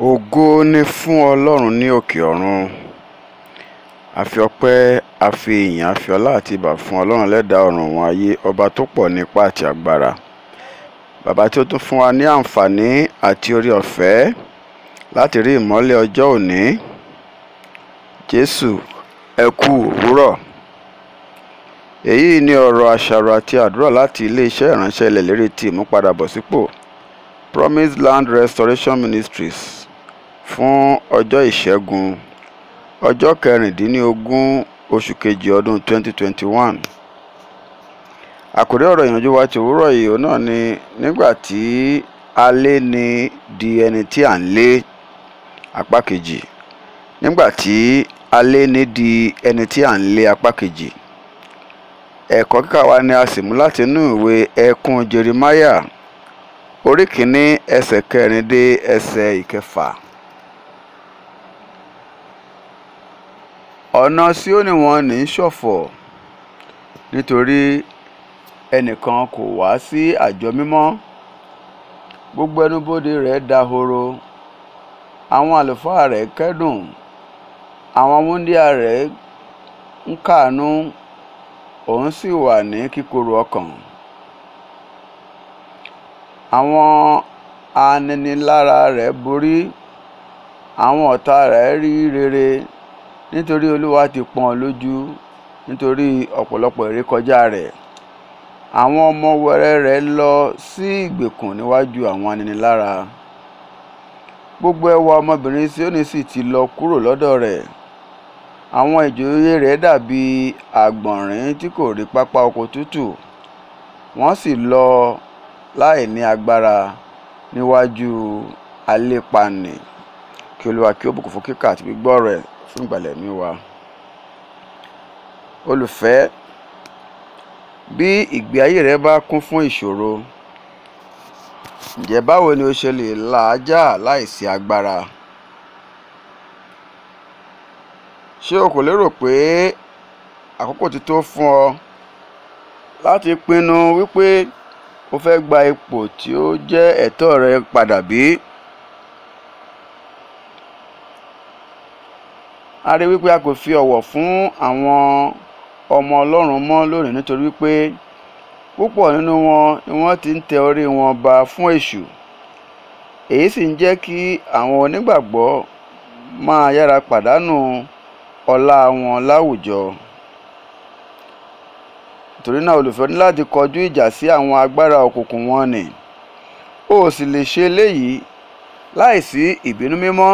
ògo ni fún ọlọ́run ní òkè ọ̀run àfi ọpẹ́ àfi ìyìn àfi ọlá àti ìbà fún ọlọ́run lẹ́dàá ọ̀run wọn ayé ọba tó pọ̀ nípa àti agbára bàbá tí ó tún fún wa ní àǹfààní àti orí ọ̀fẹ́ láti rí ìmọ́lẹ̀ ọjọ́ òní jésù ẹ kú òwúrọ̀ èyí ni ọ̀rọ̀ àṣàrò àti àdúrà láti iléeṣẹ́ ìránṣẹ́ ilẹ̀ lérí ti ìmúpadàbọ̀sípò Promise Land Restoration Ministries fún ọjọ́ ìṣẹ́gun ọjọ́ kẹrìndínlógún oṣù kejì ọdún 2021 àkòrí ọ̀rọ̀ ìyànjú wa ti òwúrọ̀ yìí òun náà ni nígbà tí alé ni di ẹni tí à ń lé apá kejì nígbà tí alé ni di ẹni tí à ń lé apá kejì ẹ̀kọ́ kíkà wa ni a sì mú láti inú ìwé ẹkún jeremáyà orí kìíní ẹsẹ̀ kẹrin dé ẹsẹ̀ ìkẹfà. ọ̀nà Síónì wọn ní í ṣọ̀fọ̀ nítorí ẹnìkan kò wá sí àjọ mímọ́ gbogbo ẹnubodè rẹ̀ dahoro àwọn àlùfáà rẹ̀ kẹ́dùn àwọn wúńdíá rẹ̀ ń káàánú òun sì wà ní kíkorò ọkàn àwọn aninilára rẹ̀ borí àwọn ọ̀tá rẹ̀ rí rere. nítorí olúwa ti pọ́n ọ lójú nítorí ọ̀pọ̀lọpọ̀ ìrékọjá rẹ̀ àwọn ọmọ wẹrẹ rẹ̀ lọ sí ìgbèkùn níwájú àwọn aninilára gbogbo ẹwà ọmọbìnrin Síónì sì ti lọ kúrò lọ́dọ̀ rẹ̀ àwọn ìjòyè rẹ̀ dàbí àgbọ̀nrín tí kò rí pápá oko tútù wọ́n sì lọ láì ní agbára níwájú alépànì kí olúwa kí ó bùkún fún kíkà àti gbígbọ́ rẹ̀ fún ìgbàlẹ̀ mi wa olùfẹ́ bí ìgbé ayé rẹ bá kún fún ìṣòro ǹjẹ́ báwo ni o ṣe lè là á já láìsí agbára ṣé o kò lérò pé àkókò ti tó fún ọ láti pinnu wípé o fẹ́ gba ipò tí ó jẹ́ ẹ̀tọ́ rẹ padà bí? a rí wípé a kò fi ọ̀wọ̀ fún àwọn ọmọ ọlọ́run mọ́ lónìí nítorí wípé púpọ̀ nínú wọn ni wọ́n ti ń tẹ orí wọn ba fún èṣù èyí sì ń jẹ́ kí àwọn onígbàgbọ́ máa yára pàdánù ọlá wọn láwùjọ torí náà olùfẹ́ ní láti kọjú ìjà sí àwọn agbára òkùnkùn wọn ni o sì lè ṣe eléyìí láìsí ìbínú mímọ́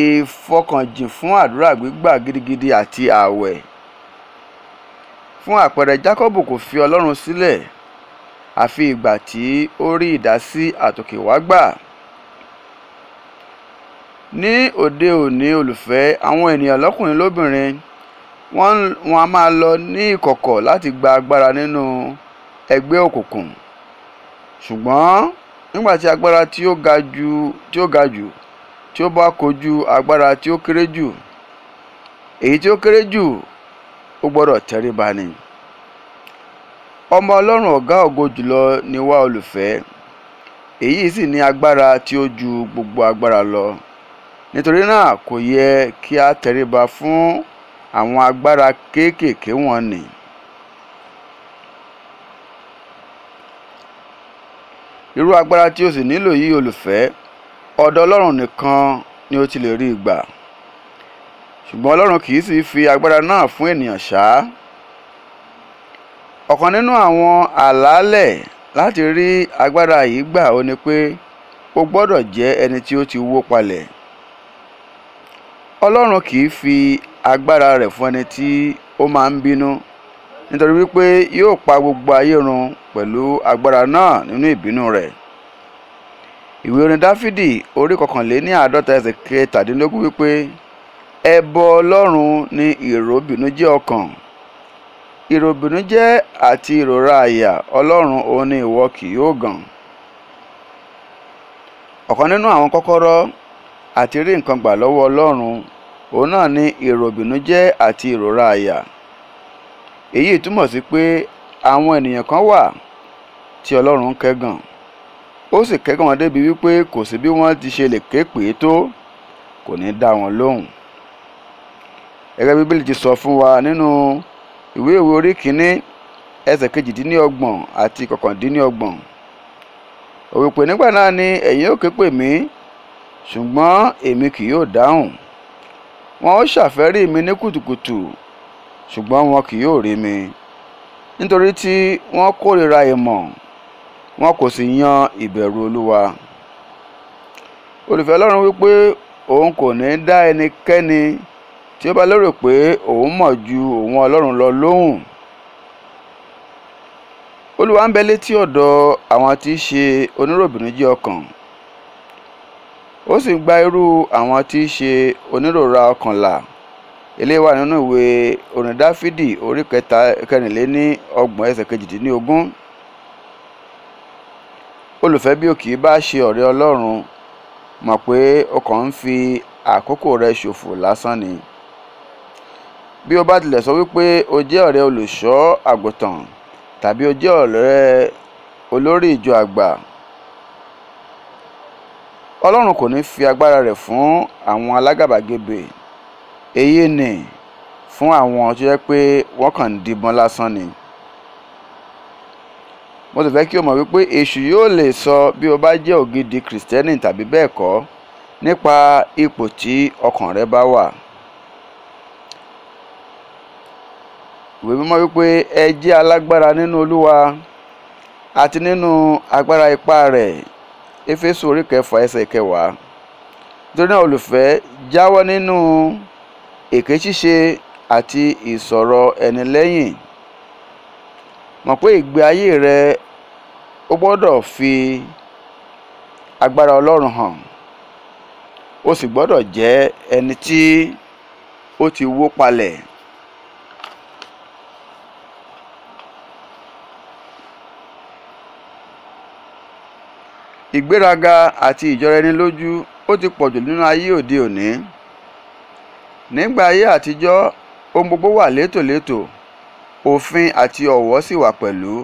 ìfọkànjìn fún àdúrà gbígbà gidigidi àti ààwẹ̀ fún àpẹẹrẹ Jákọ́bù kò fi Ọlọ́run sílẹ̀ àfi ìgbà tí ó rí ìdásí àtòkèwá gbà ní òde òní olùfẹ́ àwọn ènìyàn lọ́kùnrin lóbìnrin wọ́n a máa lọ ní ìkọ̀kọ̀ láti gba agbára nínú ẹgbẹ́ òkùnkùn ṣùgbọ́n nígbà tí agbára tí ó ga jù tí ó ga jù tí ó bá kojú agbára tí ó kéré jù èyí tí ó kéré jù ó gbọdọ tẹríba ni ọmọ ọlọ́run ọ̀gá ògo jùlọ ni wá olùfẹ́ èyí sì ní agbára tí ó ju gbogbo agbára lọ nítorí náà kò yẹ kí a tẹríba fún àwọn agbára kéékèèké wọn ni. irú agbára tí o sì nílò yìí olùfẹ́ ọ̀dọ̀ ọlọ́run nìkan ni ó ti lè rí ìgbà ṣùgbọ́n ọlọ́run kì í sì fi agbára náà fún ènìyàn ṣá ọ̀kan nínú àwọn àlàálẹ̀ láti rí agbára yìí gbà ó ni pé o gbọ́dọ̀ jẹ́ ẹni tí ó ti wó palẹ̀ ọlọ́run kì í fi agbára rẹ̀ fún ẹni tí ó máa ń bínú nítorí wípé yóò pa gbogbo ayé run pẹ̀lú agbára náà nínú ìbínú rẹ̀ ìwé orin dáfídì orí kọkànléní àádọ́ta ẹsẹ̀ kẹtàdínlógún wípé ẹbọ ọlọ́run ni ìròbìnújẹ́ ọkàn ìròbìnújẹ́ àti ìrora àyà ọlọ́run òun ni ìwọ kì yóò gàn ọ̀kan nínú àwọn kọ́kọ́rọ́ àti rí nǹkan gbà lọ́wọ́ ọlọ́run òun náà ni ìròbìnújẹ́ àti ìrora àyà èyí túmọ̀ sí pé àwọn ènìyàn kan wà tí ọlọ́run ń kẹ́gàn ó sì kẹ́kọ̀ọ́ wọn débi wípé kò sí bí wọ́n ti ṣe lè ké pè é tó kò ní dá wọn lóhùn gẹ́gẹ́ bíbélì ti sọ fún wa nínú ìwé ìwé orí kínní ẹsẹ̀ kejìdínlọ́gbọ̀n àti kọkàndínlọ́gbọ̀n ó wí pé nígbà náà ni ẹ̀yin ó ké pè mí ṣùgbọ́n èmi kì yóò dáhùn wọn ó ṣàfẹ́rí mi ní kùtùkùtù ṣùgbọ́n wọn kì yóò rí mi nítorí tí wọ́n kórìíra ìmọ̀ wọn kò sì yan ìbẹ̀rù olúwa olùfẹ́ ọlọ́run wípé òun kò ní dá ẹnikẹ́ni tí ó bá lérò pé òun mọ̀ ju òun ọlọ́run lọ lóhùn olúwa ń bẹ létí ọ̀dọ̀ àwọn tí í ṣe oníròbìnújẹ́ ọkàn ó sì gba irú àwọn tí í ṣe oníròra ọkàn là eléyìí nínú ìwé orin dáfídì orí kẹta kẹrìnléní ọgbọ̀n ẹsẹ̀ kejìdínlógún olùfẹ́ bí o kì í bá ṣe ọ̀rẹ́ ọlọ́run mọ̀ pé o kàn ń fi àkókò rẹ ṣòfò lásán ni bí o bá tilẹ̀ sọ wípé o jẹ́ ọ̀rẹ́ olùṣọ́ àgùntàn tàbí o jẹ́ ọ̀rẹ́ olórí ìjọ àgbà ọlọ́run kò ní fi agbára rẹ̀ fún àwọn alágàbàgebè èyí ni fún àwọn tó jẹ́ pé wọ́n kàn ń díbọ́n lásán ni mo sì fẹ́ kí o mọ̀ wípé èṣù yóò lè sọ bí o bá jẹ́ ògidì kìrìsìtẹ́nì tàbí bẹ́ẹ̀ kọ́ nípa ipò tí ọkàn rẹ bá wà. ìwé mímọ́ wípé ẹ jẹ́ alágbára nínú olúwa àti nínú agbára ipá rẹ̀ éfésù orí ẹsẹ̀ kẹwàá nítorí náà olùfẹ́ jáwọ́ nínú èké ṣíṣe àti ìsọ̀rọ̀ ẹni lẹ́yìn. mọ̀ pé ìgbé ayé rẹ ó gbọ́dọ̀ fi agbára ọlọ́run hàn ó sì gbọ́dọ̀ jẹ́ ẹni tí ó ti wó palẹ̀. ìgbéraga àti ìjọra ẹni lójú ó ti pọ̀jù nínú ayé òde òní nígbà ayé àtijọ́ ohun gbogbo wà létòlétò. Leto, leto òfin àti ọ̀wọ̀ sì wà pẹ̀lú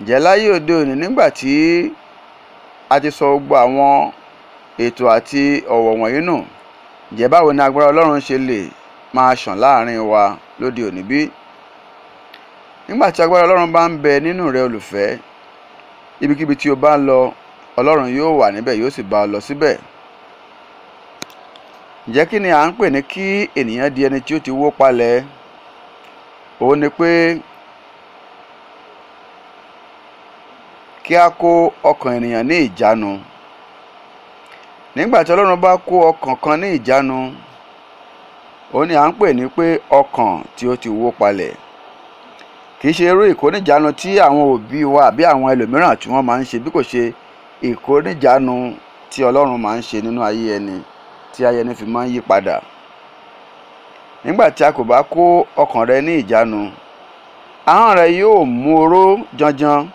ǹjẹ́ láyé òde òní nígbà tí a ti sọ gbogbo àwọn ètò àti ọ̀wọ̀ wọ̀nyí nù ǹjẹ́ báwo ni agbára Ọlọ́run ṣe lè máa ṣàn láàrin wa lóde òní bí nígbà tí agbára Ọlọ́run bá ń bẹ nínú rẹ olùfẹ́ ibikíbi tí o bá ń lọ Ọlọ́run yóò wà níbẹ̀ yóò sì bá ọ lọ síbẹ̀ ǹjẹ́ kí ni à ń pè ní kí ènìyàn di ẹni tí ó ti wó palẹ̀ òun ni pé kí a kó ọkàn ènìyàn ní ìjánu nígbà tí ọlọ́run bá kó ọkàn kan ní ìjánu ó ní à ń pè ní pé ọkàn tí ó ti wó palẹ̀ kì í ṣe irú ìkóníjánu tí àwọn òbí wa àbí àwọn ẹlòmíràn tí wọ́n máa ń ṣe bí kò ṣe ìkóníjánu tí ọlọ́run máa ń ṣe nínú ayé ẹni tí ayé ẹni fi máa ń yí padà nígbà tí a kò bá kó ọkàn rẹ ní ìjánu ahọ́n rẹ yóò mú oró janjan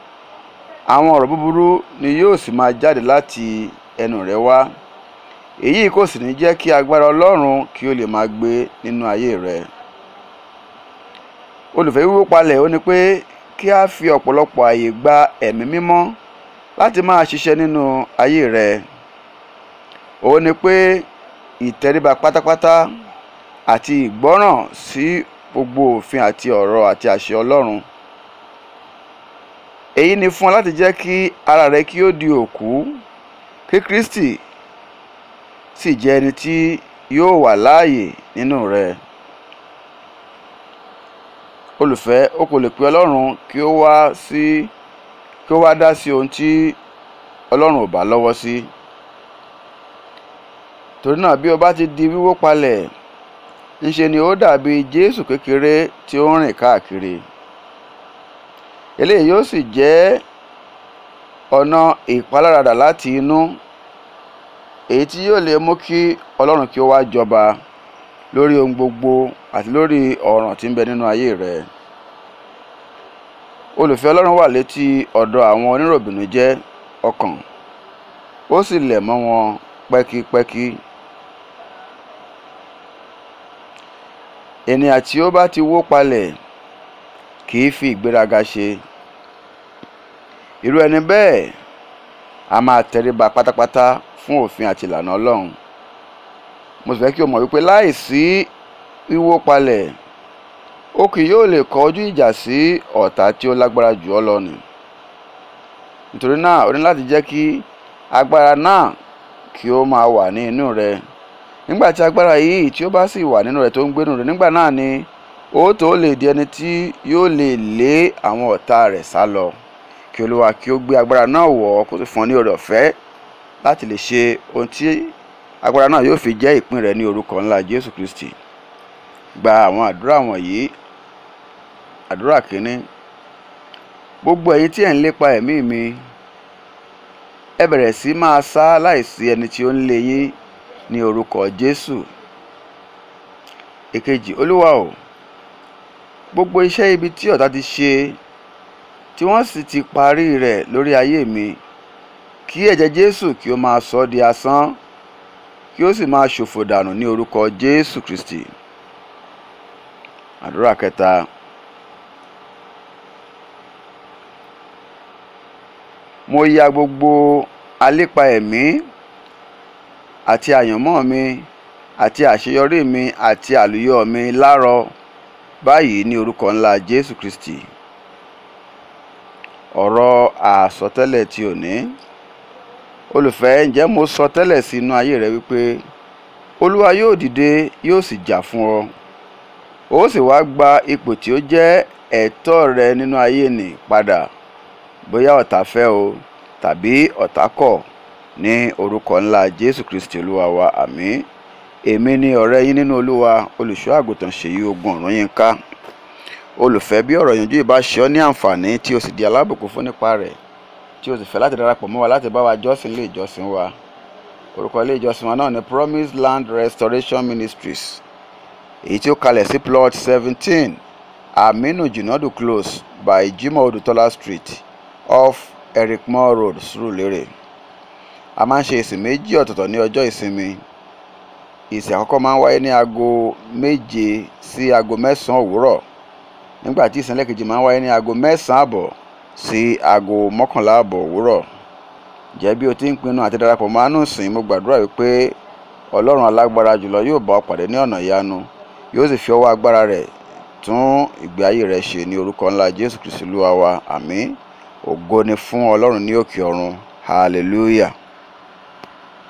àwọn ọ̀rọ̀ búburú ni yóò sì máa jáde láti ẹnu rẹ wá èyí kò sì ní jẹ́ kí agbára ọlọ́run kí o lè máa gbé nínú ayé rẹ olùfẹ́ wíwó palẹ̀ ó ní pé kí a fi ọ̀pọ̀lọpọ̀ àyè gba ẹ̀mí mímọ́ láti máa ṣiṣẹ́ nínú ayé rẹ ó ní pé ìtẹríba pátápátá àti ìgbọ́ràn sí gbogbo òfin àti ọ̀rọ̀ àti àṣẹ Ọlọ́run èyí ni fún ọ láti jẹ́ kí ara rẹ kí ó di òkú kí Kristi sì jẹ́ ẹni tí yóò wà láàyè nínú rẹ olùfẹ́ o kò lè pe Ọlọ́run kí ó wá sí kí ó wá dá sí ohun tí Ọlọ́run ò bá lọ́wọ́ sí torí náà bí o bá ti di wíwó palẹ̀ ńṣe ni ó dàbí jésù kékeré tí ó ń rìn káàkiri eléyìí yóò sì jẹ́ ọ̀nà ìpaláradà láti inú èyí tí yóò lè mú kí ọlọ́run kí ó wá jọba lórí ohun gbogbo àti lórí ọ̀ràn tí ń bẹ nínú ayé rẹ olùfẹ́ ọlọ́run wà létí ọ̀dọ̀ àwọn oníròbìnújẹ́ ọkàn ó sì lẹ̀ mọ́ wọn pẹ́kípẹ́kí. Pẹ́kí. ènìyàn tí ó bá ti wó palẹ̀ kì fi ìgbéraga ṣe irú ẹni bẹ́ẹ̀ a máa tẹríba pátápátá fún òfin àti ìlànà ọlọ́run mo fẹ́ kí o mọ̀ wípé láìsí wíwó palẹ̀ ó kì yóò lè kọjú ìjà sí ọ̀tá tí ó lágbára jù ọ́ lọ nì o ní láti jẹ́ kí agbára náà kí ó máa wà nígbà tí agbára yìí tí ó bá sì wà nínú rẹ̀ tó ń gbénu rẹ̀ nígbà náà ni ó tó lè di ẹni tí yóò lè lé àwọn ọ̀tá rẹ̀ sá lọ kí olúwa kí ó gbé agbára náà wọ̀ ọ́ kó tó fún ọ ní oore ọ̀fẹ́ láti lè ṣe ohun tí agbára náà yóò fi jẹ́ ìpín rẹ̀ ní orúkọ ńlá Jésù Kristi gba àwọn àdúrà wọ̀nyí àdúrà kínní gbogbo ẹ̀yin tí ẹ̀ ń lépa ẹ̀mí mi ẹ bẹ̀rẹ̀ sí máa sá láìsí ẹni tí ó ń lé yín ní orúkọ jésù èkejì olúwa o gbogbo iṣẹ́ ibi tí ọ̀tá ti ṣe tí wọ́n sì ti parí rẹ̀ lórí ayé mi kí ẹ̀jẹ̀ jésù kí ó máa sọ ọ́ di asán kí ó sì máa ṣòfò dànù ní orúkọ jésù kristi àdúrà kẹta mo ya gbogbo alépa ẹ̀mí àti àyànmọ́ mi àti àṣeyọrí mi àti àlùyọ mi lárọ̀ báyìí ní orúkọ ńlá Jésù Kristi ọ̀rọ̀ àsọtẹ́lẹ̀ tí òní olùfẹ́ ǹjẹ́ mo sọ tẹ́lẹ̀ sí inú ayé rẹ wípé olúwa yóò dìde yóò sì jà fún ọ ó sì wá gba ipò tí ó jẹ́ ẹ̀tọ́ rẹ nínú ayé nì padà bóyá ọ̀tá fẹ́ o tàbí ọ̀tá kọ̀ ní orúkọ ńlá jésù kristi olúwa wa àmín èmi ni ọ̀rẹ́ yín nínú olúwa olùṣọ́ àgùntàn ṣèyí ogun ọ̀run yín ká olùfẹ́ bí ọ̀rọ̀ yànjú ìbá ṣe ọ́ ní àǹfààní tí o sì di alábùkún fún nípa rẹ̀ tí o sì fẹ́ láti darapọ̀ mọ́ wa láti bá wa jọ́sìn ilé ìjọsìn wa orúkọ ilé ìjọsìn wa náà ni Promise Land Restoration Ministries èyí tí ó kalẹ̀ sí plot seventeen Aminu Junadu Close by Jimoh Odutola Street off Eric Moore Road Surulere a máa ń ṣe ìsìn méjì ọ̀tọ̀ọ̀tọ̀ ní ọjọ́ ìsinmi ìsìn àkọ́kọ́ máa ń wáyé ní aago méje sí aago mẹ́sàn-án òwúrọ̀ nígbà tí ìsìn lẹ́ẹ̀kejì máa ń wáyé ní aago mẹ́sàn-án àbọ̀ sí aago mọ́kànlá àbọ̀ òwúrọ̀ jẹ́ bí o ti ń pinnu àti darapọ̀ mọ́ àánú sìn mo gbàdúrà wípé ọlọ́run alágbára jùlọ yóò bá ọ pàdé ní ọ̀nà ìyanu yóò sì fi ọwọ́ agbára rẹ̀ tún ìgbé ayé rẹ̀ ṣe ní orúkọ ńlá jésù kristu lúwa wa àmín ògo ni fún ọlọ́run ní òkè ọ̀run hallelujah.